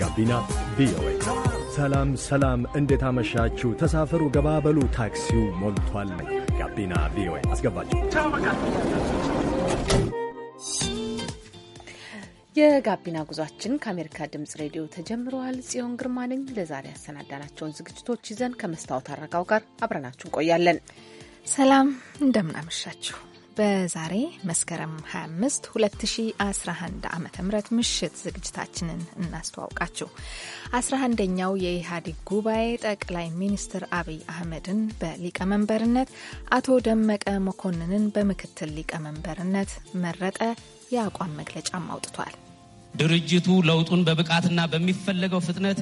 ጋቢና ቪኦኤ። ሰላም ሰላም፣ እንዴት አመሻችሁ? ተሳፈሩ፣ ገባበሉ፣ ታክሲው ሞልቷል። ጋቢና ቪኦኤ አስገባችሁ። የጋቢና ጉዟችን ከአሜሪካ ድምጽ ሬዲዮ ተጀምረዋል። ጽዮን ግርማ ነኝ። ለዛሬ ያሰናዳናቸውን ዝግጅቶች ይዘን ከመስታወት አረጋው ጋር አብረናችሁ እንቆያለን። ሰላም እንደምናመሻችሁ በዛሬ መስከረም 25 2011 ዓ ም ምሽት ዝግጅታችንን እናስተዋውቃችሁ። 11ኛው የኢህአዴግ ጉባኤ ጠቅላይ ሚኒስትር አብይ አህመድን በሊቀመንበርነት አቶ ደመቀ መኮንንን በምክትል ሊቀመንበርነት መረጠ። የአቋም መግለጫም አውጥቷል። ድርጅቱ ለውጡን በብቃትና በሚፈለገው ፍጥነት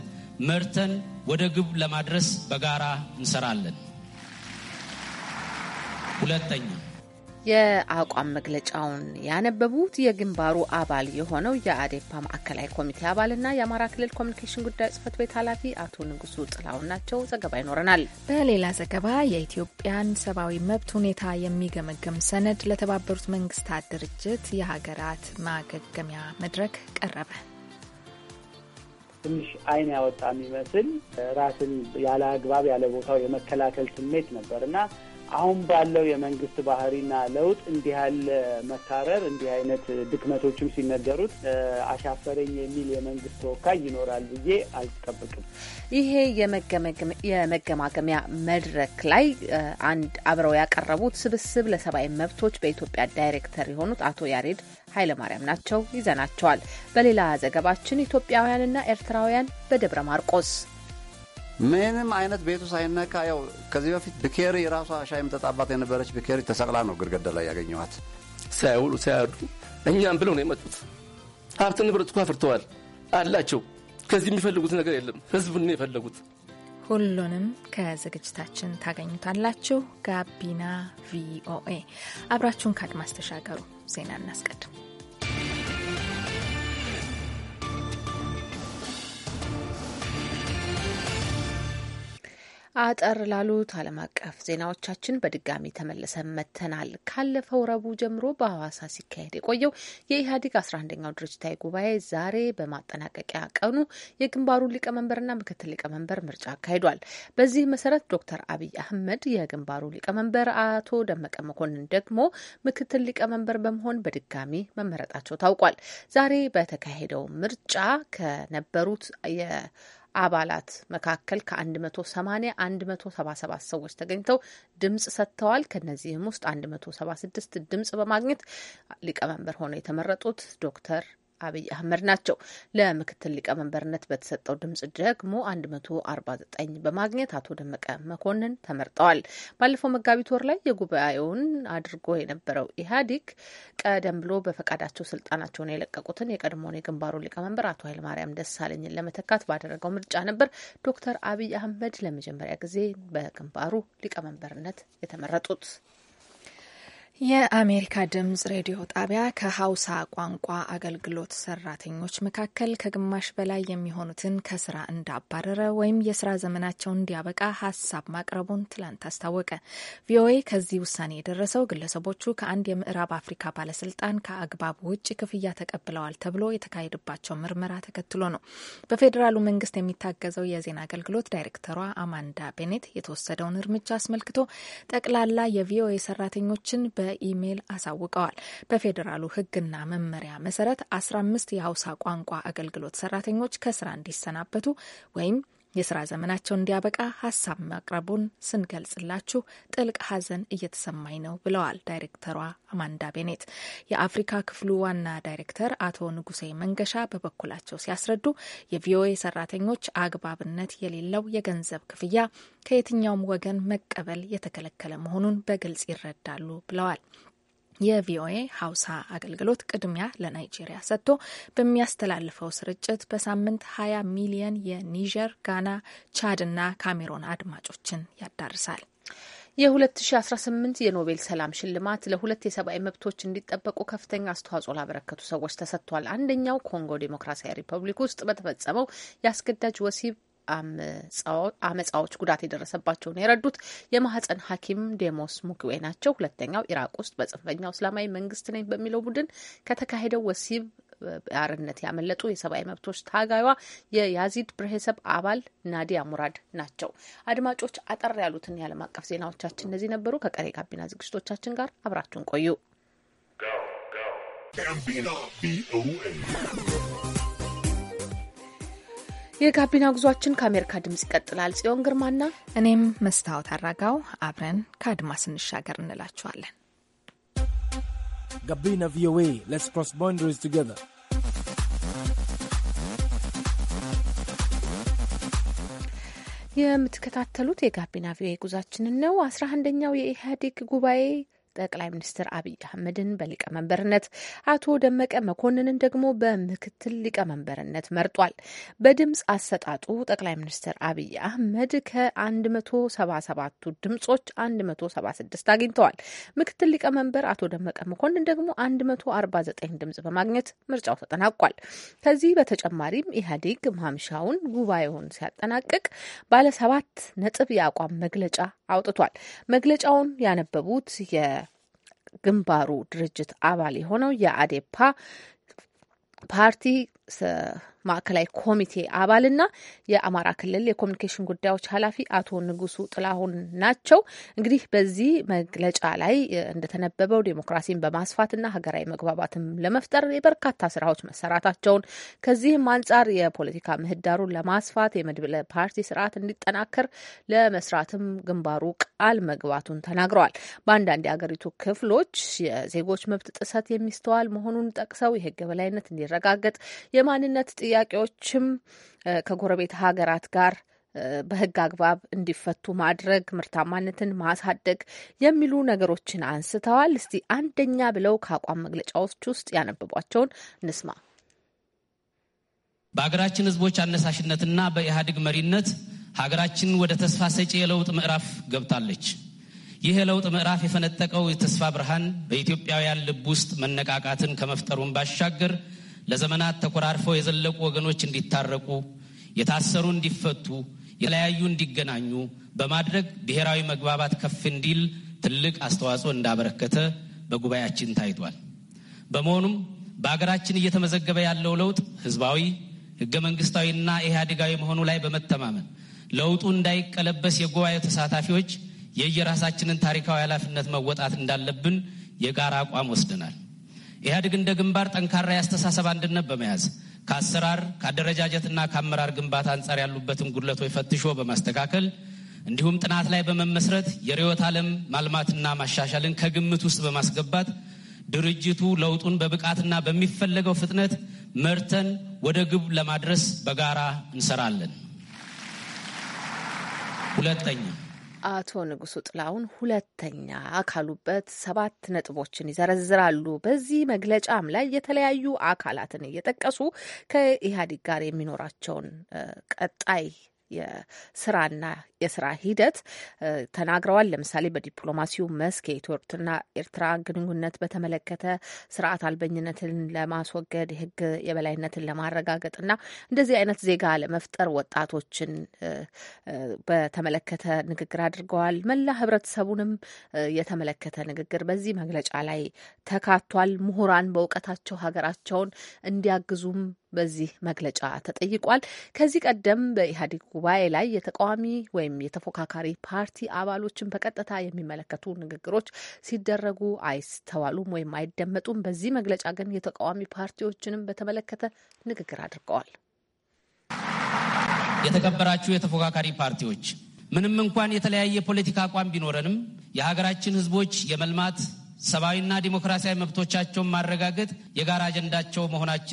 መርተን ወደ ግብ ለማድረስ በጋራ እንሰራለን። ሁለተኛ የአቋም መግለጫውን ያነበቡት የግንባሩ አባል የሆነው የአዴፓ ማዕከላዊ ኮሚቴ አባልና የአማራ ክልል ኮሚኒኬሽን ጉዳይ ጽህፈት ቤት ኃላፊ አቶ ንጉሱ ጥላውን ናቸው። ዘገባ ይኖረናል። በሌላ ዘገባ የኢትዮጵያን ሰብአዊ መብት ሁኔታ የሚገመግም ሰነድ ለተባበሩት መንግስታት ድርጅት የሀገራት ማገገሚያ መድረክ ቀረበ። ትንሽ አይን ያወጣ የሚመስል ራስን ያለ አግባብ ያለ ቦታው የመከላከል ስሜት ነበር እና አሁን ባለው የመንግስት ባህሪና ለውጥ እንዲህ ያለ መካረር እንዲህ አይነት ድክመቶችም ሲነገሩት አሻፈረኝ የሚል የመንግስት ተወካይ ይኖራል ብዬ አልጠብቅም። ይሄ የመገማገሚያ መድረክ ላይ አንድ አብረው ያቀረቡት ስብስብ ለሰብአዊ መብቶች በኢትዮጵያ ዳይሬክተር የሆኑት አቶ ያሬድ ኃይለማርያም ናቸው። ይዘናቸዋል። በሌላ ዘገባችን ኢትዮጵያውያንና ኤርትራውያን በደብረ ማርቆስ ምንም አይነት ቤቱ ሳይነካ ያው ከዚህ በፊት ብኬሪ ራሷ ሻይ የምጠጣባት የነበረች ብኬሪ ተሰቅላ ነው ግድግዳ ላይ ያገኘኋት። ሳያውሉ ሳያርዱ እኛም ብለው ነው የመጡት። ሀብት ንብረት እኮ አፍርተዋል አላቸው። ከዚህ የሚፈልጉት ነገር የለም። ህዝቡን ነው የፈለጉት። ሁሉንም ከዝግጅታችን ታገኙታላችሁ። ጋቢና ቪኦኤ አብራችሁን ከአድማስ ተሻገሩ። ዜና እናስቀድም። አጠር ላሉት ዓለም አቀፍ ዜናዎቻችን በድጋሚ ተመልሰን መጥተናል። ካለፈው ረቡዕ ጀምሮ በሐዋሳ ሲካሄድ የቆየው የኢህአዴግ አስራ አንደኛው ድርጅታዊ ጉባኤ ዛሬ በማጠናቀቂያ ቀኑ የግንባሩን ሊቀመንበርና ምክትል ሊቀመንበር ምርጫ አካሂዷል። በዚህ መሰረት ዶክተር አብይ አህመድ የግንባሩ ሊቀመንበር፣ አቶ ደመቀ መኮንን ደግሞ ምክትል ሊቀመንበር በመሆን በድጋሚ መመረጣቸው ታውቋል። ዛሬ በተካሄደው ምርጫ ከነበሩት አባላት መካከል ከ180 177 ሰዎች ተገኝተው ድምጽ ሰጥተዋል። ከነዚህም ውስጥ 176 ድምጽ በማግኘት ሊቀመንበር ሆነው የተመረጡት ዶክተር አብይ አህመድ ናቸው። ለምክትል ሊቀመንበርነት በተሰጠው ድምጽ ደግሞ 149 በማግኘት አቶ ደመቀ መኮንን ተመርጠዋል። ባለፈው መጋቢት ወር ላይ የጉባኤውን አድርጎ የነበረው ኢህአዴግ ቀደም ብሎ በፈቃዳቸው ስልጣናቸውን የለቀቁትን የቀድሞውን የግንባሩ ሊቀመንበር አቶ ኃይለማርያም ደሳለኝን ለመተካት ባደረገው ምርጫ ነበር ዶክተር አብይ አህመድ ለመጀመሪያ ጊዜ በግንባሩ ሊቀመንበርነት የተመረጡት። የአሜሪካ ድምጽ ሬዲዮ ጣቢያ ከሀውሳ ቋንቋ አገልግሎት ሰራተኞች መካከል ከግማሽ በላይ የሚሆኑትን ከስራ እንዳባረረ ወይም የስራ ዘመናቸውን እንዲያበቃ ሀሳብ ማቅረቡን ትላንት አስታወቀ። ቪኦኤ ከዚህ ውሳኔ የደረሰው ግለሰቦቹ ከአንድ የምዕራብ አፍሪካ ባለስልጣን ከአግባብ ውጭ ክፍያ ተቀብለዋል ተብሎ የተካሄደባቸው ምርመራ ተከትሎ ነው። በፌዴራሉ መንግስት የሚታገዘው የዜና አገልግሎት ዳይሬክተሯ አማንዳ ቤኔት የተወሰደውን እርምጃ አስመልክቶ ጠቅላላ የቪኦኤ ሰራተኞችን በ በኢሜይል አሳውቀዋል። በፌዴራሉ ሕግና መመሪያ መሰረት 15 የሀውሳ ቋንቋ አገልግሎት ሰራተኞች ከስራ እንዲሰናበቱ ወይም የስራ ዘመናቸውን እንዲያበቃ ሀሳብ ማቅረቡን ስንገልጽላችሁ ጥልቅ ሀዘን እየተሰማኝ ነው ብለዋል ዳይሬክተሯ አማንዳ ቤኔት። የአፍሪካ ክፍሉ ዋና ዳይሬክተር አቶ ንጉሴ መንገሻ በበኩላቸው ሲያስረዱ የቪኦኤ ሰራተኞች አግባብነት የሌለው የገንዘብ ክፍያ ከየትኛውም ወገን መቀበል የተከለከለ መሆኑን በግልጽ ይረዳሉ ብለዋል። የቪኦኤ ሀውሳ አገልግሎት ቅድሚያ ለናይጄሪያ ሰጥቶ በሚያስተላልፈው ስርጭት በሳምንት 20 ሚሊየን የኒጀር፣ ጋና፣ ቻድ እና ካሜሮን አድማጮችን ያዳርሳል። የ2018 የኖቤል ሰላም ሽልማት ለሁለት የሰብአዊ መብቶች እንዲጠበቁ ከፍተኛ አስተዋጽኦ ላበረከቱ ሰዎች ተሰጥቷል። አንደኛው ኮንጎ ዴሞክራሲያዊ ሪፐብሊክ ውስጥ በተፈጸመው የአስገዳጅ ወሲብ አመፃዎች ጉዳት የደረሰባቸውን የረዱት የማህፀን ሐኪም ዴሞስ ሙክዌ ናቸው። ሁለተኛው ኢራቅ ውስጥ በጽንፈኛው እስላማዊ መንግስት ነኝ በሚለው ቡድን ከተካሄደው ወሲብ አርነት ያመለጡ የሰብአዊ መብቶች ታጋዩዋ የያዚድ ብሔረሰብ አባል ናዲያ ሙራድ ናቸው። አድማጮች አጠር ያሉትን የዓለም አቀፍ ዜናዎቻችን እነዚህ ነበሩ። ከቀሪ ጋቢና ዝግጅቶቻችን ጋር አብራችሁን ቆዩ። የጋቢና ጉዟችን ከአሜሪካ ድምጽ ይቀጥላል። ጽዮን ግርማና እኔም መስታወት አራጋው አብረን ከአድማስ እንሻገር እንላችኋለን። ጋቢና ቪኦኤ ሌትስ ክሮስ ቦንደሪስ ቱጌዘር የምትከታተሉት የጋቢና ቪኦኤ ጉዟችንን ነው። አስራ አንደኛው የኢህአዴግ ጉባኤ ጠቅላይ ሚኒስትር አብይ አህመድን በሊቀመንበርነት አቶ ደመቀ መኮንንን ደግሞ በምክትል ሊቀመንበርነት መርጧል። በድምፅ አሰጣጡ ጠቅላይ ሚኒስትር አብይ አህመድ ከ177ቱ ድምጾች 176 አግኝተዋል። ምክትል ሊቀመንበር አቶ ደመቀ መኮንን ደግሞ 149 ድምጽ በማግኘት ምርጫው ተጠናቋል። ከዚህ በተጨማሪም ኢህአዴግ ማምሻውን ጉባኤውን ሲያጠናቅቅ ባለሰባት ነጥብ የአቋም መግለጫ አውጥቷል። መግለጫውን ያነበቡት ግንባሩ ድርጅት አባል የሆነው የአዴፓ ፓርቲ ማዕከላዊ ኮሚቴ አባልና የአማራ ክልል የኮሚኒኬሽን ጉዳዮች ኃላፊ አቶ ንጉሱ ጥላሁን ናቸው። እንግዲህ በዚህ መግለጫ ላይ እንደተነበበው ዴሞክራሲን በማስፋትና ሀገራዊ መግባባትም ለመፍጠር የበርካታ ስራዎች መሰራታቸውን ከዚህም አንጻር የፖለቲካ ምህዳሩን ለማስፋት የመድብለ ፓርቲ ስርዓት እንዲጠናከር ለመስራትም ግንባሩ ቃል መግባቱን ተናግረዋል። በአንዳንድ የሀገሪቱ ክፍሎች የዜጎች መብት ጥሰት የሚስተዋል መሆኑን ጠቅሰው የህግ የበላይነት እንዲረጋገጥ የማንነት ጥያ ጥያቄዎችም ከጎረቤት ሀገራት ጋር በህግ አግባብ እንዲፈቱ ማድረግ፣ ምርታማነትን ማሳደግ የሚሉ ነገሮችን አንስተዋል። እስቲ አንደኛ ብለው ከአቋም መግለጫዎች ውስጥ ያነበቧቸውን እንስማ። በሀገራችን ህዝቦች አነሳሽነትና በኢህአዴግ መሪነት ሀገራችን ወደ ተስፋ ሰጪ የለውጥ ምዕራፍ ገብታለች። ይህ የለውጥ ምዕራፍ የፈነጠቀው የተስፋ ብርሃን በኢትዮጵያውያን ልብ ውስጥ መነቃቃትን ከመፍጠሩን ባሻገር ለዘመናት ተኮራርፈው የዘለቁ ወገኖች እንዲታረቁ፣ የታሰሩ እንዲፈቱ፣ የተለያዩ እንዲገናኙ በማድረግ ብሔራዊ መግባባት ከፍ እንዲል ትልቅ አስተዋጽኦ እንዳበረከተ በጉባኤያችን ታይቷል። በመሆኑም በሀገራችን እየተመዘገበ ያለው ለውጥ ህዝባዊ፣ ህገ መንግስታዊና ኢህአዴጋዊ መሆኑ ላይ በመተማመን ለውጡ እንዳይቀለበስ የጉባኤው ተሳታፊዎች የየራሳችንን ታሪካዊ ኃላፊነት መወጣት እንዳለብን የጋራ አቋም ወስደናል። ኢህአዴግ እንደ ግንባር ጠንካራ የአስተሳሰብ አንድነት በመያዝ ከአሰራር ከአደረጃጀትና ከአመራር ግንባታ አንጻር ያሉበትን ጉድለቶች ፈትሾ በማስተካከል እንዲሁም ጥናት ላይ በመመስረት የርዕዮተ ዓለም ማልማትና ማሻሻልን ከግምት ውስጥ በማስገባት ድርጅቱ ለውጡን በብቃትና በሚፈለገው ፍጥነት መርተን ወደ ግብ ለማድረስ በጋራ እንሰራለን። ሁለተኛ አቶ ንጉሱ ጥላውን ሁለተኛ ካሉበት ሰባት ነጥቦችን ይዘረዝራሉ። በዚህ መግለጫም ላይ የተለያዩ አካላትን እየጠቀሱ ከኢህአዴግ ጋር የሚኖራቸውን ቀጣይ የስራና የስራ ሂደት ተናግረዋል። ለምሳሌ በዲፕሎማሲው መስክ የኢትዮጵያና ኤርትራ ግንኙነት በተመለከተ ስርዓት አልበኝነትን ለማስወገድ የህግ የበላይነትን ለማረጋገጥና እንደዚህ አይነት ዜጋ ለመፍጠር ወጣቶችን በተመለከተ ንግግር አድርገዋል። መላ ህብረተሰቡንም የተመለከተ ንግግር በዚህ መግለጫ ላይ ተካቷል። ምሁራን በእውቀታቸው ሀገራቸውን እንዲያግዙም በዚህ መግለጫ ተጠይቋል። ከዚህ ቀደም በኢህአዴግ ጉባኤ ላይ የተቃዋሚ ወይም ወይም የተፎካካሪ ፓርቲ አባሎችን በቀጥታ የሚመለከቱ ንግግሮች ሲደረጉ አይስተዋሉም ወይም አይደመጡም። በዚህ መግለጫ ግን የተቃዋሚ ፓርቲዎችንም በተመለከተ ንግግር አድርገዋል። የተከበራችሁ የተፎካካሪ ፓርቲዎች ምንም እንኳን የተለያየ ፖለቲካ አቋም ቢኖረንም የሀገራችን ሕዝቦች የመልማት ሰብአዊና ዲሞክራሲያዊ መብቶቻቸውን ማረጋገጥ የጋራ አጀንዳቸው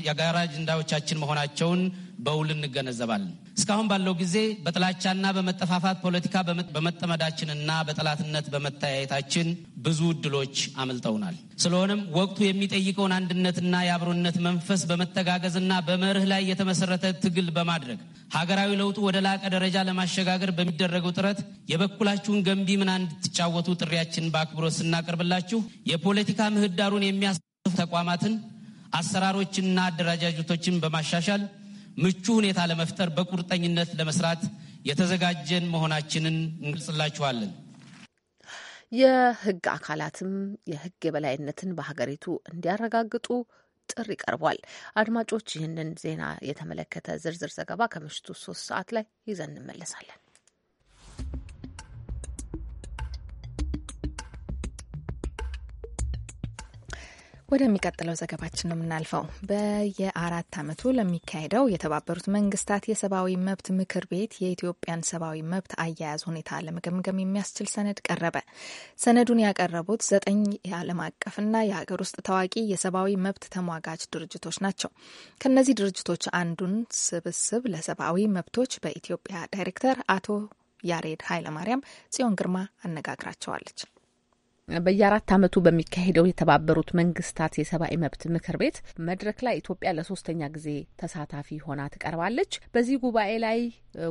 የጋራ አጀንዳዎቻችን መሆናቸውን በውል እንገነዘባለን። እስካሁን ባለው ጊዜ በጥላቻና በመጠፋፋት ፖለቲካ በመጠመዳችንና በጠላትነት በመተያየታችን ብዙ እድሎች አምልጠውናል። ስለሆነም ወቅቱ የሚጠይቀውን አንድነትና የአብሮነት መንፈስ በመተጋገዝና በመርህ ላይ የተመሰረተ ትግል በማድረግ ሀገራዊ ለውጡ ወደ ላቀ ደረጃ ለማሸጋገር በሚደረገው ጥረት የበኩላችሁን ገንቢ ምና እንድትጫወቱ ጥሪያችንን በአክብሮት ስናቀርብላችሁ የፖለቲካ ምህዳሩን የሚያሳትፉ ተቋማትን አሰራሮችንና አደረጃጀቶችን በማሻሻል ምቹ ሁኔታ ለመፍጠር በቁርጠኝነት ለመስራት የተዘጋጀን መሆናችንን እንገልጽላችኋለን። የህግ አካላትም የህግ የበላይነትን በሀገሪቱ እንዲያረጋግጡ ጥሪ ቀርቧል። አድማጮች፣ ይህንን ዜና የተመለከተ ዝርዝር ዘገባ ከምሽቱ ሶስት ሰዓት ላይ ይዘን እንመለሳለን። ወደሚቀጥለው ዘገባችን ነው የምናልፈው። በየአራት ዓመቱ ለሚካሄደው የተባበሩት መንግስታት የሰብአዊ መብት ምክር ቤት የኢትዮጵያን ሰብአዊ መብት አያያዝ ሁኔታ ለመገምገም የሚያስችል ሰነድ ቀረበ። ሰነዱን ያቀረቡት ዘጠኝ የዓለም አቀፍና የሀገር ውስጥ ታዋቂ የሰብአዊ መብት ተሟጋች ድርጅቶች ናቸው። ከእነዚህ ድርጅቶች አንዱን ስብስብ ለሰብአዊ መብቶች በኢትዮጵያ ዳይሬክተር አቶ ያሬድ ኃይለማርያም ጽዮን ግርማ አነጋግራቸዋለች። በየአራት ዓመቱ በሚካሄደው የተባበሩት መንግስታት የሰብአዊ መብት ምክር ቤት መድረክ ላይ ኢትዮጵያ ለሶስተኛ ጊዜ ተሳታፊ ሆና ትቀርባለች። በዚህ ጉባኤ ላይ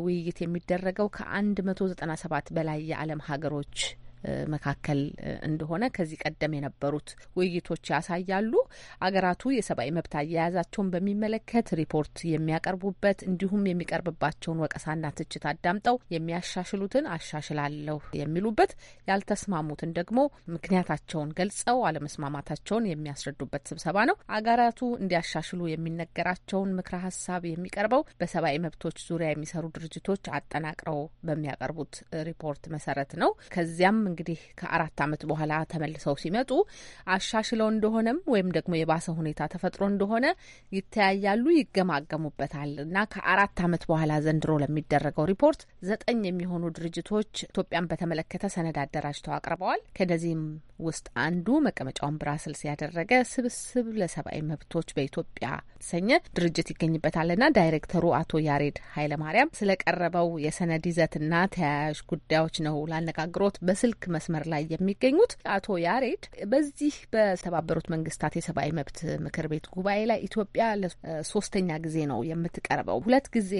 ውይይት የሚደረገው ከአንድ መቶ ዘጠና ሰባት በላይ የዓለም ሀገሮች መካከል እንደሆነ ከዚህ ቀደም የነበሩት ውይይቶች ያሳያሉ። አገራቱ የሰብአዊ መብት አያያዛቸውን በሚመለከት ሪፖርት የሚያቀርቡበት እንዲሁም የሚቀርብባቸውን ወቀሳና ትችት አዳምጠው የሚያሻሽሉትን አሻሽላለሁ የሚሉበት፣ ያልተስማሙትን ደግሞ ምክንያታቸውን ገልጸው አለመስማማታቸውን የሚያስረዱበት ስብሰባ ነው። አገራቱ እንዲያሻሽሉ የሚነገራቸውን ምክረ ሀሳብ የሚቀርበው በሰብአዊ መብቶች ዙሪያ የሚሰሩ ድርጅቶች አጠናቅረው በሚያቀርቡት ሪፖርት መሰረት ነው። ከዚያም እንግዲህ ከአራት ዓመት በኋላ ተመልሰው ሲመጡ አሻሽለው እንደሆነም ወይም ደግሞ የባሰ ሁኔታ ተፈጥሮ እንደሆነ ይተያያሉ፣ ይገማገሙበታል እና ከአራት ዓመት በኋላ ዘንድሮ ለሚደረገው ሪፖርት ዘጠኝ የሚሆኑ ድርጅቶች ኢትዮጵያን በተመለከተ ሰነድ አደራጅተው አቅርበዋል። ከነዚህም ውስጥ አንዱ መቀመጫውን ብራስልስ ያደረገ ስብስብ ለሰብአዊ መብቶች በኢትዮጵያ የተሰኘ ድርጅት ይገኝበታልና ዳይሬክተሩ አቶ ያሬድ ኃይለማርያም ስለቀረበው የሰነድ ይዘትና ተያያዥ ጉዳዮች ነው ላነጋግሮት በስልክ ስልክ መስመር ላይ የሚገኙት አቶ ያሬድ በዚህ በተባበሩት መንግስታት የሰብአዊ መብት ምክር ቤት ጉባኤ ላይ ኢትዮጵያ ለሶስተኛ ጊዜ ነው የምትቀርበው። ሁለት ጊዜ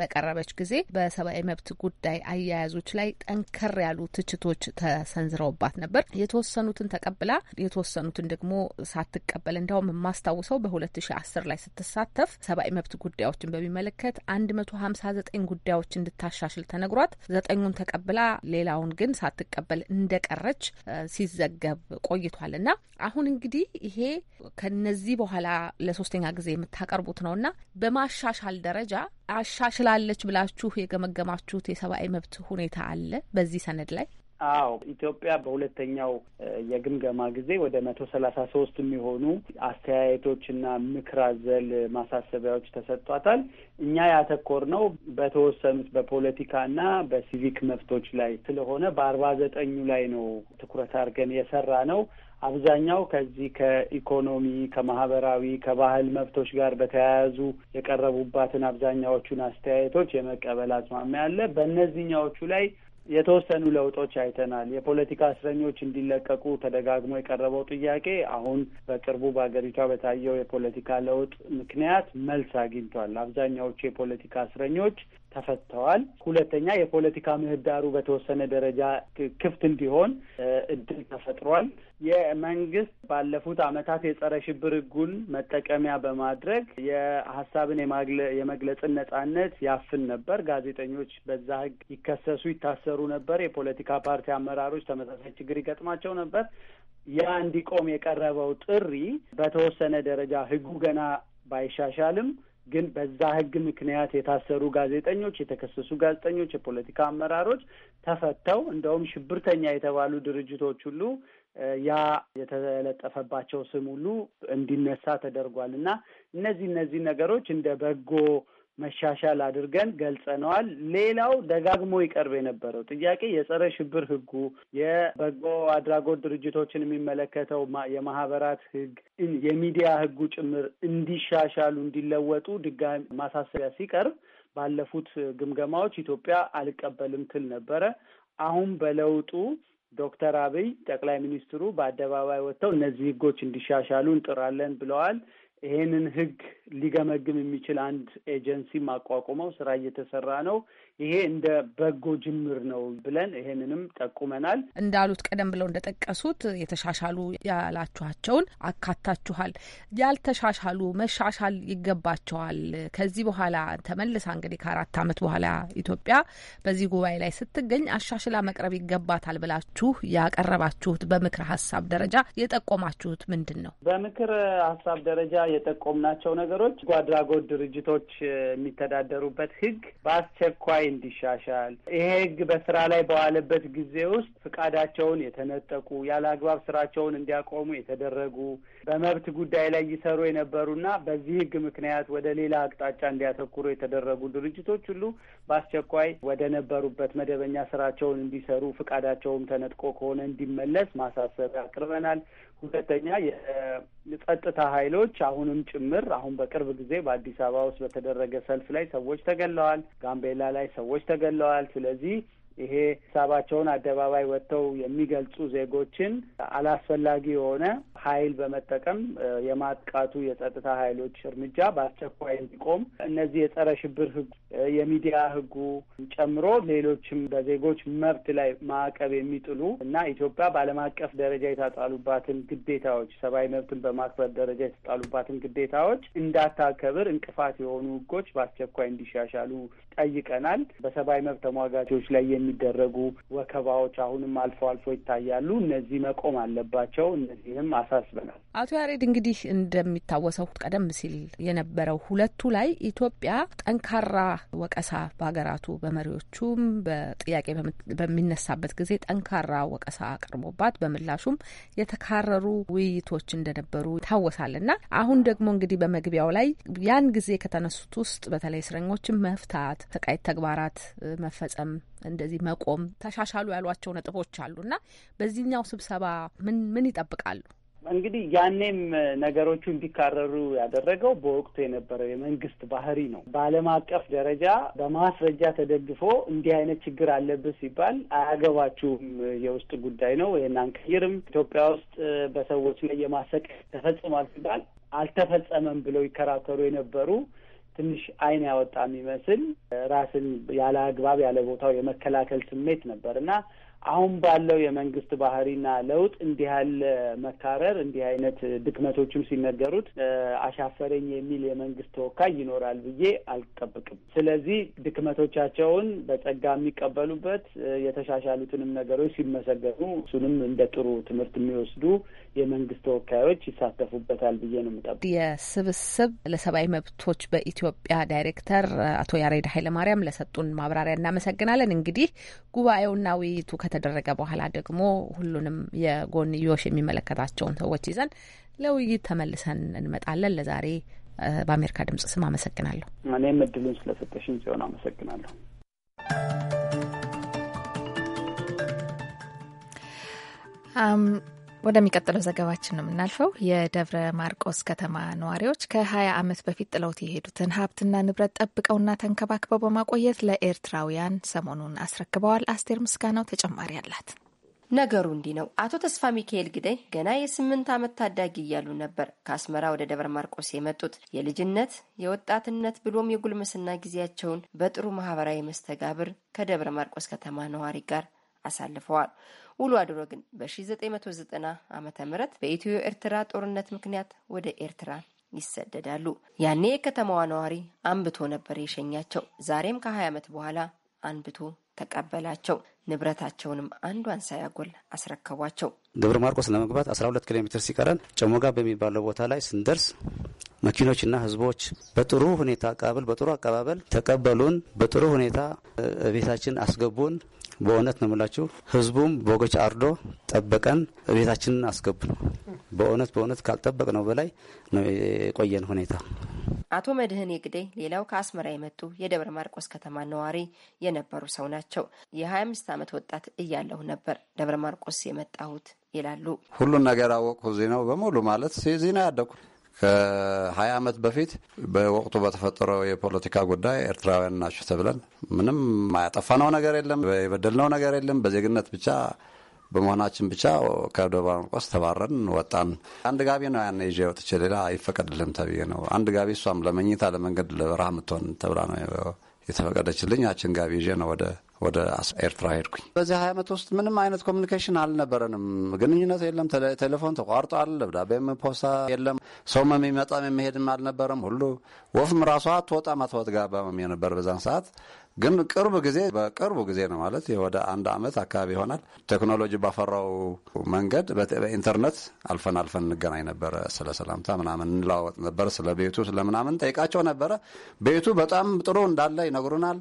በቀረበች ጊዜ በሰብአዊ መብት ጉዳይ አያያዞች ላይ ጠንከር ያሉ ትችቶች ተሰንዝረውባት ነበር። የተወሰኑትን ተቀብላ የተወሰኑትን ደግሞ ሳትቀበል እንዲያውም የማስታውሰው በ2010 ላይ ስትሳተፍ ሰብአዊ መብት ጉዳዮችን በሚመለከት 159 ጉዳዮች እንድታሻሽል ተነግሯት ዘጠኙን ተቀብላ ሌላውን ግን ሳትቀበል ሳትባል እንደቀረች ሲዘገብ ቆይቷል እና አሁን እንግዲህ ይሄ ከነዚህ በኋላ ለሶስተኛ ጊዜ የምታቀርቡት እና በማሻሻል ደረጃ አሻሽላለች ብላችሁ የገመገማችሁት የሰብአዊ መብት ሁኔታ አለ በዚህ ሰነድ ላይ? አዎ ኢትዮጵያ በሁለተኛው የግምገማ ጊዜ ወደ መቶ ሰላሳ ሶስት የሚሆኑ አስተያየቶችና ምክር አዘል ማሳሰቢያዎች ተሰጥቷታል። እኛ ያተኮር ነው በተወሰኑት በፖለቲካና በሲቪክ መብቶች ላይ ስለሆነ በአርባ ዘጠኙ ላይ ነው ትኩረት አድርገን የሰራ ነው። አብዛኛው ከዚህ ከኢኮኖሚ ከማህበራዊ፣ ከባህል መብቶች ጋር በተያያዙ የቀረቡባትን አብዛኛዎቹን አስተያየቶች የመቀበል አዝማሚያ አለ። በእነዚህኛዎቹ ላይ የተወሰኑ ለውጦች አይተናል። የፖለቲካ እስረኞች እንዲለቀቁ ተደጋግሞ የቀረበው ጥያቄ አሁን በቅርቡ በሀገሪቷ በታየው የፖለቲካ ለውጥ ምክንያት መልስ አግኝቷል። አብዛኛዎቹ የፖለቲካ እስረኞች ተፈተዋል። ሁለተኛ የፖለቲካ ምህዳሩ በተወሰነ ደረጃ ክፍት እንዲሆን እድል ተፈጥሯል። የመንግስት ባለፉት አመታት የጸረ ሽብር ህጉን መጠቀሚያ በማድረግ የሀሳብን የመግለጽን ነጻነት ያፍን ነበር። ጋዜጠኞች በዛ ህግ ይከሰሱ፣ ይታሰሩ ነበር። የፖለቲካ ፓርቲ አመራሮች ተመሳሳይ ችግር ይገጥማቸው ነበር። ያ እንዲቆም የቀረበው ጥሪ በተወሰነ ደረጃ ህጉ ገና ባይሻሻልም ግን በዛ ህግ ምክንያት የታሰሩ ጋዜጠኞች፣ የተከሰሱ ጋዜጠኞች፣ የፖለቲካ አመራሮች ተፈተው እንደውም ሽብርተኛ የተባሉ ድርጅቶች ሁሉ ያ የተለጠፈባቸው ስም ሁሉ እንዲነሳ ተደርጓል እና እነዚህ እነዚህ ነገሮች እንደ በጎ መሻሻል አድርገን ገልጸነዋል። ሌላው ደጋግሞ ይቀርብ የነበረው ጥያቄ የጸረ ሽብር ህጉ፣ የበጎ አድራጎት ድርጅቶችን የሚመለከተው የማህበራት ህግ፣ የሚዲያ ህጉ ጭምር እንዲሻሻሉ እንዲለወጡ ድጋሚ ማሳሰቢያ ሲቀርብ ባለፉት ግምገማዎች ኢትዮጵያ አልቀበልም ትል ነበረ። አሁን በለውጡ ዶክተር አብይ ጠቅላይ ሚኒስትሩ በአደባባይ ወጥተው እነዚህ ህጎች እንዲሻሻሉ እንጥራለን ብለዋል። ይሄንን ህግ ሊገመግም የሚችል አንድ ኤጀንሲ ማቋቁመው ስራ እየተሰራ ነው። ይሄ እንደ በጎ ጅምር ነው ብለን ይሄንንም ጠቁመናል። እንዳሉት ቀደም ብለው እንደጠቀሱት የተሻሻሉ ያላችኋቸውን አካታችኋል። ያልተሻሻሉ መሻሻል ይገባቸዋል። ከዚህ በኋላ ተመልሳ እንግዲህ ከአራት ዓመት በኋላ ኢትዮጵያ በዚህ ጉባኤ ላይ ስትገኝ አሻሽላ መቅረብ ይገባታል ብላችሁ ያቀረባችሁት በምክር ሀሳብ ደረጃ የጠቆማችሁት ምንድን ነው? በምክር ሀሳብ ደረጃ የጠቆምናቸው ነገሮች በጎ አድራጎት ድርጅቶች የሚተዳደሩበት ህግ በአስቸኳይ እንዲሻሻል፣ ይሄ ህግ በስራ ላይ በዋለበት ጊዜ ውስጥ ፍቃዳቸውን የተነጠቁ ያለ አግባብ ስራቸውን እንዲያቆሙ የተደረጉ በመብት ጉዳይ ላይ ይሰሩ የነበሩና በዚህ ህግ ምክንያት ወደ ሌላ አቅጣጫ እንዲያተኩሩ የተደረጉ ድርጅቶች ሁሉ በአስቸኳይ ወደ ነበሩበት መደበኛ ስራቸውን እንዲሰሩ ፍቃዳቸውም ተነጥቆ ከሆነ እንዲመለስ ማሳሰብ ያቅርበናል። ሁለተኛ የጸጥታ ኃይሎች አሁንም ጭምር አሁን በቅርብ ጊዜ በአዲስ አበባ ውስጥ በተደረገ ሰልፍ ላይ ሰዎች ተገለዋል። ጋምቤላ ላይ ሰዎች ተገለዋል። ስለዚህ ይሄ ሀሳባቸውን አደባባይ ወጥተው የሚገልጹ ዜጎችን አላስፈላጊ የሆነ ኃይል በመጠቀም የማጥቃቱ የጸጥታ ኃይሎች እርምጃ በአስቸኳይ እንዲቆም እነዚህ የጸረ ሽብር ህጉ የሚዲያ ህጉ ጨምሮ ሌሎችም በዜጎች መብት ላይ ማዕቀብ የሚጥሉ እና ኢትዮጵያ በዓለም አቀፍ ደረጃ የታጣሉባትን ግዴታዎች ሰብአዊ መብትን በማክበር ደረጃ የተጣሉባትን ግዴታዎች እንዳታከብር እንቅፋት የሆኑ ህጎች በአስቸኳይ እንዲሻሻሉ ጠይቀናል። በሰብአዊ መብት ተሟጋቾች ላይ የሚ የሚደረጉ ወከባዎች አሁንም አልፎ አልፎ ይታያሉ። እነዚህ መቆም አለባቸው። እነዚህም አሳስበናል። አቶ ያሬድ እንግዲህ እንደሚታወሰው ቀደም ሲል የነበረው ሁለቱ ላይ ኢትዮጵያ ጠንካራ ወቀሳ በሀገራቱ በመሪዎቹም በጥያቄ በሚነሳበት ጊዜ ጠንካራ ወቀሳ አቅርቦባት በምላሹም የተካረሩ ውይይቶች እንደነበሩ ይታወሳል እና አሁን ደግሞ እንግዲህ በመግቢያው ላይ ያን ጊዜ ከተነሱት ውስጥ በተለይ እስረኞችን መፍታት፣ ሰቃይት ተግባራት መፈጸም እንደዚህ መቆም ተሻሻሉ ያሏቸው ነጥቦች እና በዚህኛው ስብሰባ ምን ምን ይጠብቃሉ? እንግዲህ ያኔም ነገሮቹ እንዲካረሩ ያደረገው በወቅቱ የነበረው የመንግስት ባህሪ ነው። በዓለም አቀፍ ደረጃ በማስረጃ ተደግፎ እንዲህ አይነት ችግር አለብህ ሲባል አያገባችሁም፣ የውስጥ ጉዳይ ነው፣ ይህን አንቀይርም፣ ኢትዮጵያ ውስጥ በሰዎች ላይ የማሰቃየት ተፈጽሟል ሲባል አልተፈጸመም ብለው ይከራከሩ የነበሩ ትንሽ አይን ያወጣ የሚመስል ራስን ያለ አግባብ ያለ ቦታው የመከላከል ስሜት ነበር እና አሁን ባለው የመንግስት ባህሪና ለውጥ እንዲህ ያለ መካረር እንዲህ አይነት ድክመቶችም ሲነገሩት አሻፈረኝ የሚል የመንግስት ተወካይ ይኖራል ብዬ አልጠብቅም። ስለዚህ ድክመቶቻቸውን በጸጋ የሚቀበሉበት የተሻሻሉትንም ነገሮች ሲመሰገኑ እሱንም እንደ ጥሩ ትምህርት የሚወስዱ የመንግስት ተወካዮች ይሳተፉበታል ብዬ ነው የምጠብቅ። የስብስብ ለሰብአዊ መብቶች በኢትዮጵያ ዳይሬክተር አቶ ያሬድ ኃይለማርያም ለሰጡን ማብራሪያ እናመሰግናለን። እንግዲህ ጉባኤውና ውይይቱ ከተደረገ በኋላ ደግሞ ሁሉንም የጎንዮሽ የሚመለከታቸውን ሰዎች ይዘን ለውይይት ተመልሰን እንመጣለን። ለዛሬ በአሜሪካ ድምጽ ስም አመሰግናለሁ። እኔም እድሉን ስለሰጠሽኝ ሲሆን አመሰግናለሁ። Um, ወደሚቀጥለው ዘገባችን ነው የምናልፈው። የደብረ ማርቆስ ከተማ ነዋሪዎች ከ20 ዓመት በፊት ጥለውት የሄዱትን ሀብትና ንብረት ጠብቀውና ተንከባክበው በማቆየት ለኤርትራውያን ሰሞኑን አስረክበዋል። አስቴር ምስጋናው ተጨማሪ አላት። ነገሩ እንዲህ ነው። አቶ ተስፋ ሚካኤል ግደይ ገና የስምንት ዓመት ታዳጊ እያሉ ነበር ከአስመራ ወደ ደብረ ማርቆስ የመጡት። የልጅነት የወጣትነት ብሎም የጉልምስና ጊዜያቸውን በጥሩ ማህበራዊ መስተጋብር ከደብረ ማርቆስ ከተማ ነዋሪ ጋር አሳልፈዋል። ውሎ አድሮ ግን በ1990 ዓ ም በኢትዮ ኤርትራ ጦርነት ምክንያት ወደ ኤርትራ ይሰደዳሉ። ያኔ የከተማዋ ነዋሪ አንብቶ ነበር የሸኛቸው። ዛሬም ከ20 ዓመት በኋላ አንብቶ ተቀበላቸው። ንብረታቸውንም አንዷን ሳያጎል አስረከቧቸው። ደብረ ማርቆስ ለመግባት 12 ኪሎ ሜትር ሲቀረን ጨሞጋ በሚባለው ቦታ ላይ ስንደርስ መኪኖችና ህዝቦች በጥሩ ሁኔታ አቀባበል በጥሩ አቀባበል ተቀበሉን። በጥሩ ሁኔታ ቤታችን አስገቡን። በእውነት ነው የምላችሁ። ህዝቡም በጎች አርዶ ጠበቀን፣ ቤታችንን ነው። በእውነት በእውነት ካልጠበቅ ነው በላይ ነው የቆየን ሁኔታ። አቶ መድህን የግዴ ሌላው ከአስመራ የመጡ የደብረ ማርቆስ ከተማ ነዋሪ የነበሩ ሰው ናቸው። የ25 ዓመት ወጣት እያለሁ ነበር ደብረ ማርቆስ የመጣሁት ይላሉ። ሁሉን ነገር አወቅኩ። ዜናው በሙሉ ማለት ዜና ያደኩ ከሀያ ዓመት በፊት በወቅቱ በተፈጠረው የፖለቲካ ጉዳይ ኤርትራውያን ናችሁ ተብለን ምንም ያጠፋነው ነገር የለም፣ የበደልነው ነገር የለም። በዜግነት ብቻ በመሆናችን ብቻ ከደብረ ተባረን ወጣን። አንድ ጋቢ ነው ያን ይዤ ወጥቼ ሌላ አይፈቀድልም ተብዬ ነው። አንድ ጋቢ እሷም ለመኝታ ለመንገድ ለበረሃ ምትሆን ተብላ ነው የተፈቀደችልኝ። ያችን ጋቢ ይዤ ነው ወደ ወደ ኤርትራ ሄድኩኝ። በዚህ ሀያ ዓመት ውስጥ ምንም አይነት ኮሚኒኬሽን አልነበረንም። ግንኙነት የለም። ቴሌፎን ተቋርጧል። ደብዳቤም ፖስታ የለም። ሰውም የሚመጣም የሚሄድም አልነበረም። ሁሉ ወፍም ራሷ አትወጣም አትወጥጋባም የነበር በዛን ሰዓት ግን ቅርብ ጊዜ በቅርቡ ጊዜ ነው ማለት ወደ አንድ ዓመት አካባቢ ይሆናል። ቴክኖሎጂ ባፈራው መንገድ በኢንተርኔት አልፈን አልፈን እንገናኝ ነበረ። ስለ ሰላምታ ምናምን እንለዋወጥ ነበር። ስለ ቤቱ ስለምናምን ጠይቃቸው ነበረ። ቤቱ በጣም ጥሩ እንዳለ ይነግሩናል።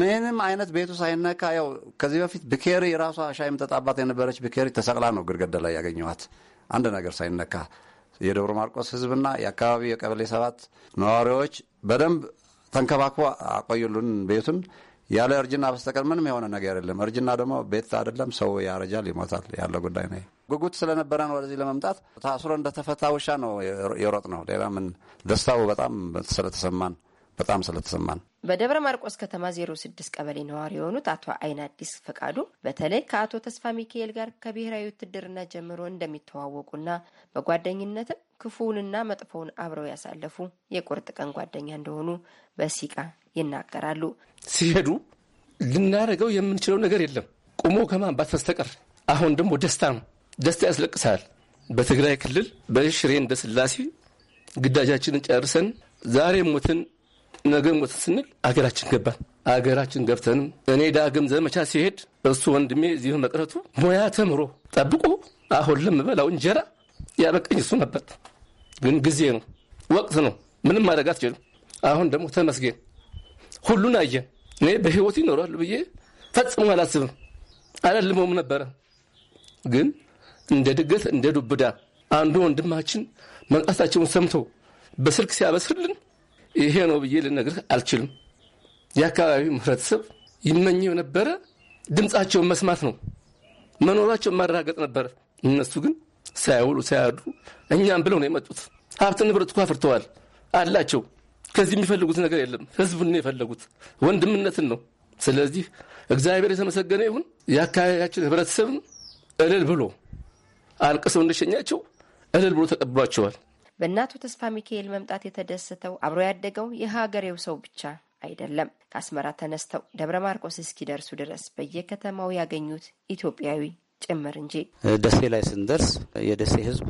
ምንም አይነት ቤቱ ሳይነካ ያው ከዚህ በፊት ብኬሪ ራሷ ሻይ የምጠጣባት የነበረች ብኬሪ ተሰቅላ ነው ግድግዳ ላይ ያገኘኋት። አንድ ነገር ሳይነካ የደብረ ማርቆስ ሕዝብና የአካባቢው የቀበሌ ሰባት ነዋሪዎች በደንብ ተንከባክቦ አቆዩልን ቤቱን። ያለ እርጅና በስተቀር ምንም የሆነ ነገር የለም። እርጅና ደግሞ ቤት አይደለም፣ ሰው ያረጃል፣ ይሞታል ያለ ጉዳይ ነው። ጉጉት ነው ወደዚህ ለመምጣት ታስሮ እንደተፈታ ውሻ ነው የሮጥ ነው። ሌላ ምን ደስታው በጣም ስለተሰማን በጣም ስለተሰማን በደብረ ማርቆስ ከተማ 06 ቀበሌ ነዋሪ የሆኑት አቶ አይን አዲስ ፈቃዱ በተለይ ከአቶ ተስፋ ሚካኤል ጋር ከብሔራዊ ውትድርና ጀምሮ እንደሚተዋወቁና በጓደኝነትም ክፉውንና መጥፎውን አብረው ያሳለፉ የቁርጥ ቀን ጓደኛ እንደሆኑ በሲቃ ይናገራሉ። ሲሄዱ ልናደርገው የምንችለው ነገር የለም ቁሞ ከማንባት በስተቀር። አሁን ደግሞ ደስታ ነው። ደስታ ያስለቅሳል። በትግራይ ክልል በሽሬ እንደ ስላሴ ግዳጃችንን ጨርሰን ዛሬ ሞትን ነገ ሞት ስንል አገራችን ገባን። አገራችን ገብተንም እኔ ዳግም ዘመቻ ሲሄድ እሱ ወንድሜ እዚሁ መቅረቱ ሙያ ተምሮ ጠብቆ አሁን ለምበላው እንጀራ ያበቀኝ እሱ ነበር። ግን ጊዜ ነው፣ ወቅት ነው። ምንም ማድረግ አትችልም። አሁን ደግሞ ተመስገን ሁሉን አየን። እኔ በህይወት ይኖራሉ ብዬ ፈጽሞ አላስብም፣ አላልመውም ነበረ። ግን እንደ ድገት እንደ ዱብዳ አንዱ ወንድማችን መንቃታቸውን ሰምቶ በስልክ ሲያበስርልን ይሄ ነው ብዬ ልነግርህ አልችልም። የአካባቢው ህብረተሰብ ይመኘው ነበረ ድምፃቸውን መስማት ነው፣ መኖራቸውን ማረጋገጥ ነበረ። እነሱ ግን ሳያውሉ ሳያድሩ እኛም ብለው ነው የመጡት። ሀብት ንብረት እኮ አፍርተዋል አላቸው። ከዚህ የሚፈልጉት ነገር የለም። ህዝቡን ነው የፈለጉት፣ ወንድምነትን ነው። ስለዚህ እግዚአብሔር የተመሰገነ ይሁን። የአካባቢያችን ህብረተሰብን እልል ብሎ አልቅሰው እንደሸኛቸው እልል ብሎ ተቀብሏቸዋል። በእናቱ ተስፋ ሚካኤል መምጣት የተደሰተው አብሮ ያደገው የሀገሬው ሰው ብቻ አይደለም። ከአስመራ ተነስተው ደብረ ማርቆስ እስኪደርሱ ድረስ በየከተማው ያገኙት ኢትዮጵያዊ ጭምር እንጂ። ደሴ ላይ ስንደርስ የደሴ ሕዝብ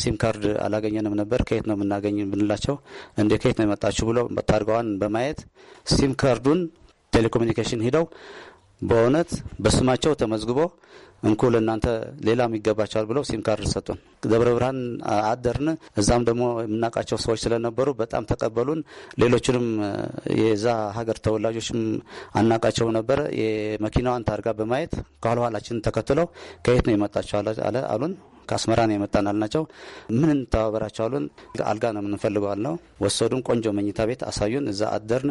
ሲም ካርድ አላገኘንም ነበር። ከየት ነው የምናገኝ ብንላቸው እንደ ከየት ነው የመጣችሁ ብለው ታርጋዋን በማየት ሲም ካርዱን ቴሌኮሙኒኬሽን ሂደው በእውነት በስማቸው ተመዝግቦ እንኩ ለእናንተ ሌላም ይገባቸዋል ብለው ሲም ካርድ ሰጡን። ደብረ ብርሃን አደርን። እዛም ደግሞ የምናውቃቸው ሰዎች ስለነበሩ በጣም ተቀበሉን። ሌሎችንም የዛ ሀገር ተወላጆችም አናውቃቸው ነበር። የመኪናዋን ታርጋ በማየት ከኋላ ኋላችን ተከትለው ከየት ነው የመጣቸው አለ አሉን። ከአስመራ ነው የመጣን አልናቸው። ምን እንተባበራቸው አሉን። አልጋ ነው የምንፈልገው አልነው። ወሰዱን። ቆንጆ መኝታ ቤት አሳዩን። እዛ አደርን።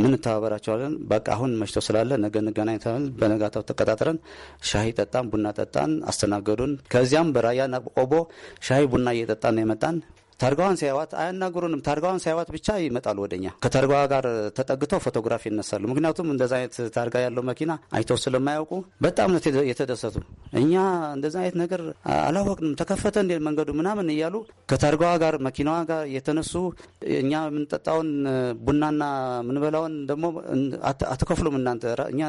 ምን እንተባበራቸው አለን። በቃ አሁን መሽቶ ስላለ ነገ እንገናኝ ተባልን። በነጋታው ተቀጣጥረን ሻሂ ጠጣን፣ ቡና ጠጣን፣ አስተናገዱን። ከዚያም በራያ ቆቦ ሻይ ቡና እየጠጣን የመጣን። ታርጋዋን ሲያዩዋት አያናግሩንም። ታርጋዋን ሲያዩዋት ብቻ ይመጣሉ ወደኛ። ከተርጋዋ ጋር ተጠግተው ፎቶግራፍ ይነሳሉ። ምክንያቱም እንደዛ አይነት ታርጋ ያለው መኪና አይተው ስለማያውቁ በጣም ነው የተደሰቱ። እኛ እንደዛ አይነት ነገር አላወቅንም፣ ተከፈተ እንዴ መንገዱ ምናምን እያሉ ከታርጋዋ ጋር መኪናዋ ጋር የተነሱ እኛ የምንጠጣውን ቡናና የምንበላውን ደግሞ አትከፍሉም እናንተ እኛ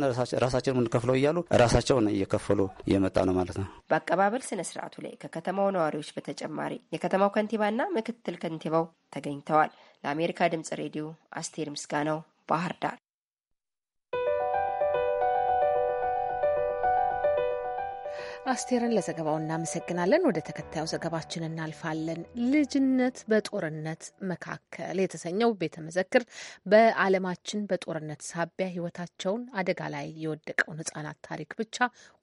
ራሳችን የምንከፍለው እያሉ ራሳቸውን እየከፈሉ እየመጣ ነው ማለት ነው። በአቀባበል ስነስርዓቱ ላይ ከከተማው ነዋሪዎች በተጨማሪ የከተማው ከንቲባና ምክትል ከንቲባው ተገኝተዋል። ለአሜሪካ ድምጽ ሬዲዮ አስቴር ምስጋናው ባህር ዳር አስቴርን ለዘገባው እናመሰግናለን። ወደ ተከታዩ ዘገባችን እናልፋለን። ልጅነት በጦርነት መካከል የተሰኘው ቤተ መዘክር በዓለማችን በጦርነት ሳቢያ ሕይወታቸውን አደጋ ላይ የወደቀውን ሕጻናት ታሪክ ብቻ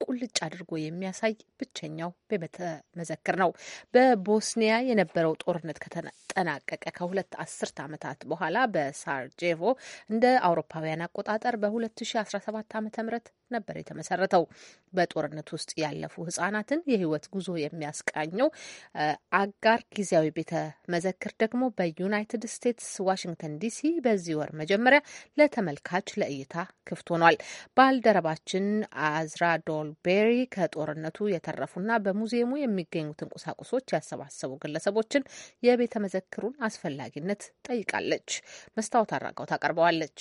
ቁልጭ አድርጎ የሚያሳይ ብቸኛው ቤተ መዘክር ነው። በቦስኒያ የነበረው ጦርነት ከተጠናቀቀ ከሁለት አስርት ዓመታት በኋላ በሳርጄቮ እንደ አውሮፓውያን አቆጣጠር በ2017 ዓ ም ነበር የተመሰረተው። በጦርነት ውስጥ ያለፉ ህጻናትን የህይወት ጉዞ የሚያስቃኘው አጋር ጊዜያዊ ቤተ መዘክር ደግሞ በዩናይትድ ስቴትስ ዋሽንግተን ዲሲ በዚህ ወር መጀመሪያ ለተመልካች ለእይታ ክፍት ሆኗል። ባልደረባችን አዝራ ዶልቤሪ ከጦርነቱ የተረፉና በሙዚየሙ የሚገኙትን ቁሳቁሶች ያሰባሰቡ ግለሰቦችን የቤተ መዘክሩን አስፈላጊነት ጠይቃለች። መስታወት አራጋው ታቀርበዋለች።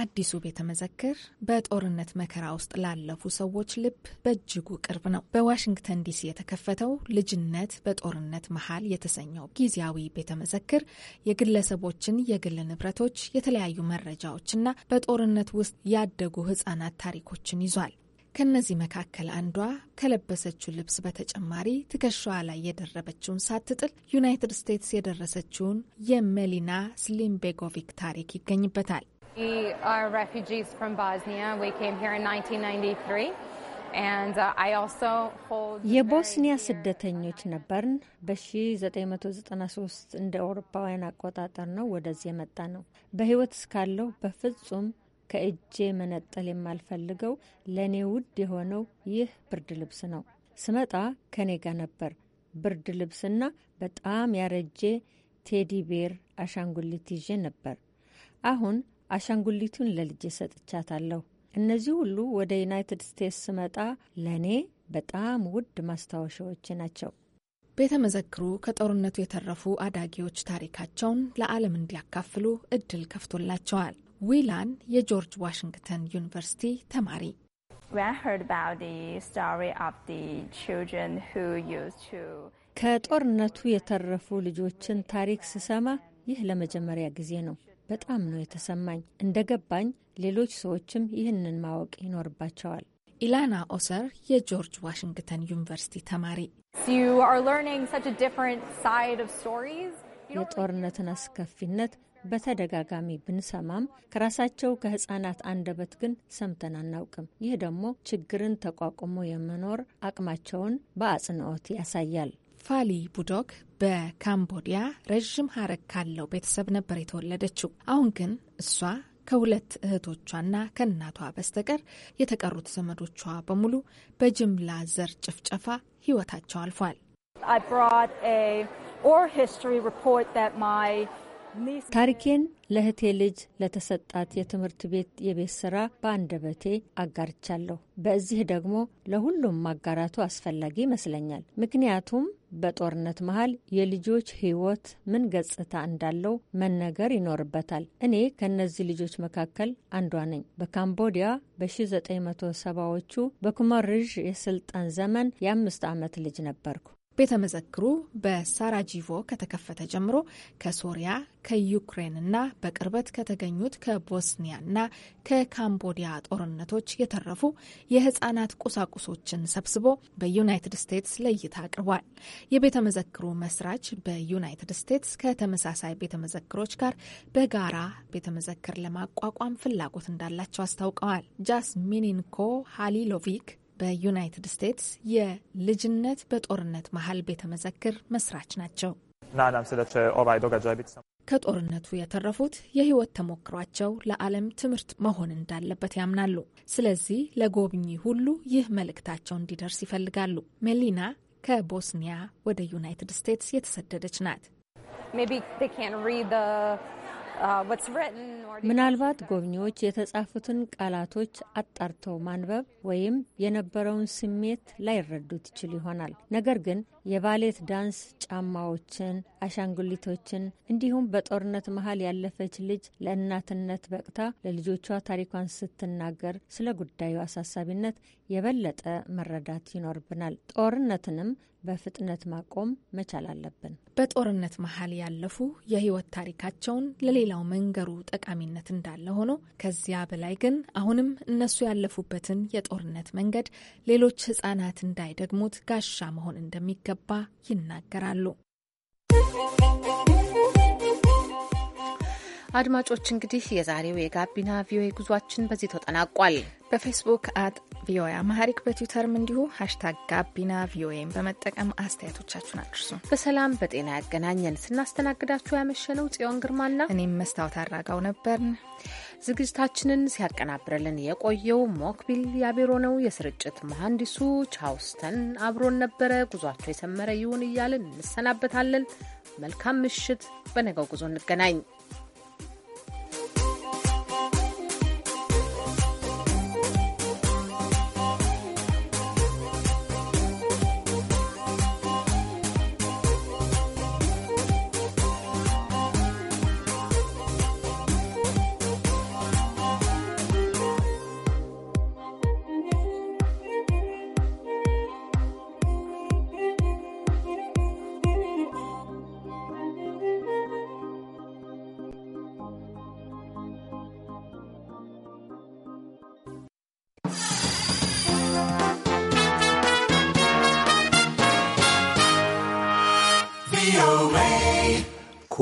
አዲሱ ቤተ መዘክር በጦርነት መከራ ውስጥ ላለፉ ሰዎች ልብ በእጅጉ ቅርብ ነው። በዋሽንግተን ዲሲ የተከፈተው ልጅነት በጦርነት መሀል የተሰኘው ጊዜያዊ ቤተ መዘክር የግለሰቦችን የግል ንብረቶች፣ የተለያዩ መረጃዎችና በጦርነት ውስጥ ያደጉ ህጻናት ታሪኮችን ይዟል። ከነዚህ መካከል አንዷ ከለበሰችው ልብስ በተጨማሪ ትከሻዋ ላይ የደረበችውን ሳትጥል ዩናይትድ ስቴትስ የደረሰችውን የሜሊና ስሊምቤጎቪክ ታሪክ ይገኝበታል። We are refugees from Bosnia. We came here in 1993. Uh, የቦስኒያ ስደተኞች ነበርን። በ1993 እንደ አውሮፓውያን አቆጣጠር ነው ወደዚህ የመጣ ነው። በህይወት እስካለው በፍጹም ከእጄ መነጠል የማልፈልገው ለእኔ ውድ የሆነው ይህ ብርድ ልብስ ነው። ስመጣ ከኔ ጋር ነበር። ብርድ ልብስና በጣም ያረጀ ቴዲ ቤር አሻንጉሊት ይዤ ነበር። አሁን አሻንጉሊቱን ለልጄ ሰጥቻታለሁ። እነዚህ ሁሉ ወደ ዩናይትድ ስቴትስ ስመጣ ለእኔ በጣም ውድ ማስታወሻዎች ናቸው። ቤተ መዘክሩ ከጦርነቱ የተረፉ አዳጊዎች ታሪካቸውን ለዓለም እንዲያካፍሉ እድል ከፍቶላቸዋል። ዊላን የጆርጅ ዋሽንግተን ዩኒቨርሲቲ ተማሪ፣ ከጦርነቱ የተረፉ ልጆችን ታሪክ ስሰማ ይህ ለመጀመሪያ ጊዜ ነው። በጣም ነው የተሰማኝ። እንደገባኝ ሌሎች ሰዎችም ይህንን ማወቅ ይኖርባቸዋል። ኢላና ኦሰር የጆርጅ ዋሽንግተን ዩኒቨርሲቲ ተማሪ፣ የጦርነትን አስከፊነት በተደጋጋሚ ብንሰማም ከራሳቸው ከህጻናት አንደበት ግን ሰምተን አናውቅም። ይህ ደግሞ ችግርን ተቋቁሞ የመኖር አቅማቸውን በአጽንኦት ያሳያል። ፋሊ ቡዶክ በካምቦዲያ ረዥም ሀረግ ካለው ቤተሰብ ነበር የተወለደችው። አሁን ግን እሷ ከሁለት እህቶቿና ከእናቷ በስተቀር የተቀሩት ዘመዶቿ በሙሉ በጅምላ ዘር ጭፍጨፋ ሕይወታቸው አልፏል። ታሪኬን ለእህቴ ልጅ ለተሰጣት የትምህርት ቤት የቤት ስራ በአንደበቴ አጋርቻለሁ። በዚህ ደግሞ ለሁሉም ማጋራቱ አስፈላጊ ይመስለኛል። ምክንያቱም በጦርነት መሀል የልጆች ህይወት ምን ገጽታ እንዳለው መነገር ይኖርበታል። እኔ ከእነዚህ ልጆች መካከል አንዷ ነኝ። በካምቦዲያ በ1970ዎቹ በኩመርዥ የስልጣን ዘመን የአምስት ዓመት ልጅ ነበርኩ። ቤተ መዘክሩ በሳራጂቮ ከተከፈተ ጀምሮ ከሶሪያ ከዩክሬን እና በቅርበት ከተገኙት ከቦስኒያ እና ከካምቦዲያ ጦርነቶች የተረፉ የህጻናት ቁሳቁሶችን ሰብስቦ በዩናይትድ ስቴትስ ለእይታ አቅርቧል። የቤተ መዘክሩ መስራች በዩናይትድ ስቴትስ ከተመሳሳይ ቤተ መዘክሮች ጋር በጋራ ቤተ መዘክር ለማቋቋም ፍላጎት እንዳላቸው አስታውቀዋል። ጃስሚኒንኮ ሃሊሎቪክ በዩናይትድ ስቴትስ የልጅነት በጦርነት መሀል ቤተ መዘክር መስራች ናቸው። ከጦርነቱ የተረፉት የህይወት ተሞክሯቸው ለዓለም ትምህርት መሆን እንዳለበት ያምናሉ። ስለዚህ ለጎብኚ ሁሉ ይህ መልእክታቸው እንዲደርስ ይፈልጋሉ። ሜሊና ከቦስኒያ ወደ ዩናይትድ ስቴትስ የተሰደደች ናት። Uh, ምናልባት ጎብኚዎች የተጻፉትን ቃላቶች አጣርተው ማንበብ ወይም የነበረውን ስሜት ላይረዱት ይችል ይሆናል። ነገር ግን የባሌት ዳንስ ጫማዎችን፣ አሻንጉሊቶችን እንዲሁም በጦርነት መሀል ያለፈች ልጅ ለእናትነት በቅታ ለልጆቿ ታሪኳን ስትናገር ስለ ጉዳዩ አሳሳቢነት የበለጠ መረዳት ይኖርብናል። ጦርነትንም በፍጥነት ማቆም መቻል አለብን። በጦርነት መሀል ያለፉ የህይወት ታሪካቸውን ለሌላው መንገሩ ጠቃሚነት እንዳለ ሆኖ ከዚያ በላይ ግን አሁንም እነሱ ያለፉበትን የጦርነት መንገድ ሌሎች ህጻናት እንዳይደግሙት ጋሻ መሆን እንደሚገባ ይናገራሉ። አድማጮች እንግዲህ የዛሬው የጋቢና ቪኦኤ ጉዟችን በዚህ ተጠናቋል። በፌስቡክ አት ቪኦኤ አማሪክ በትዊተርም እንዲሁ ሀሽታግ ጋቢና ቪኦኤን በመጠቀም አስተያየቶቻችሁን አድርሱ። በሰላም በጤና ያገናኘን። ስናስተናግዳችሁ ያመሸነው ጽዮን ግርማና እኔም መስታወት አራጋው ነበርን። ዝግጅታችንን ሲያቀናብረልን የቆየው ሞክቢል ያቤሮ ነው። የስርጭት መሐንዲሱ ቻውስተን አብሮን ነበረ። ጉዟቸው የሰመረ ይሁን እያልን እንሰናበታለን። መልካም ምሽት። በነገው ጉዞ እንገናኝ።